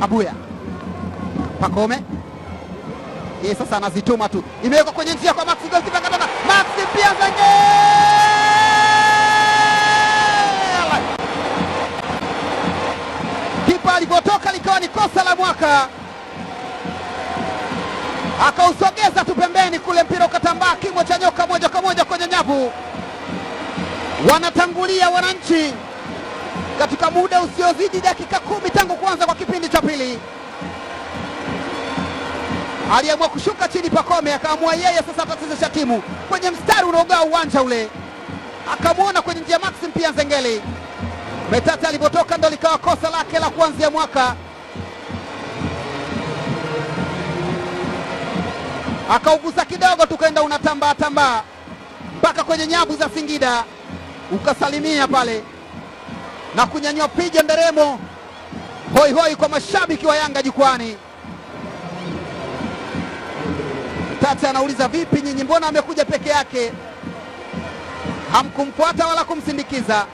Abuya Pakome yeye sasa anazituma tu, imewekwa kwenye njia kwa Maxi Golkipa katana, Maxi pia Zengel, kipa alipotoka likawa ni kosa la mwaka, akausogeza tu pembeni kule, mpira ukatambaa kimo cha nyoka moja kwa moja kwenye nyavu. Wanatangulia wananchi katika muda usiozidi dakika kumi tangu kuanza kwa aliamua kushuka chini Pakome, akaamua yeye sasa atachezesha timu kwenye mstari unaogawa uwanja ule, akamwona kwenye njia Maxim pia Nzengeli. Metata alipotoka ndo likawa kosa lake la kuanzia mwaka, akaugusa kidogo tukaenda kaenda unatambaa tambaa mpaka kwenye nyabu za Singida, ukasalimia pale na kunyanyua pija nderemo hoihoi hoi kwa mashabiki wa Yanga jukwani. Mata anauliza vipi nyinyi, mbona amekuja peke yake, hamkumfuata wala kumsindikiza?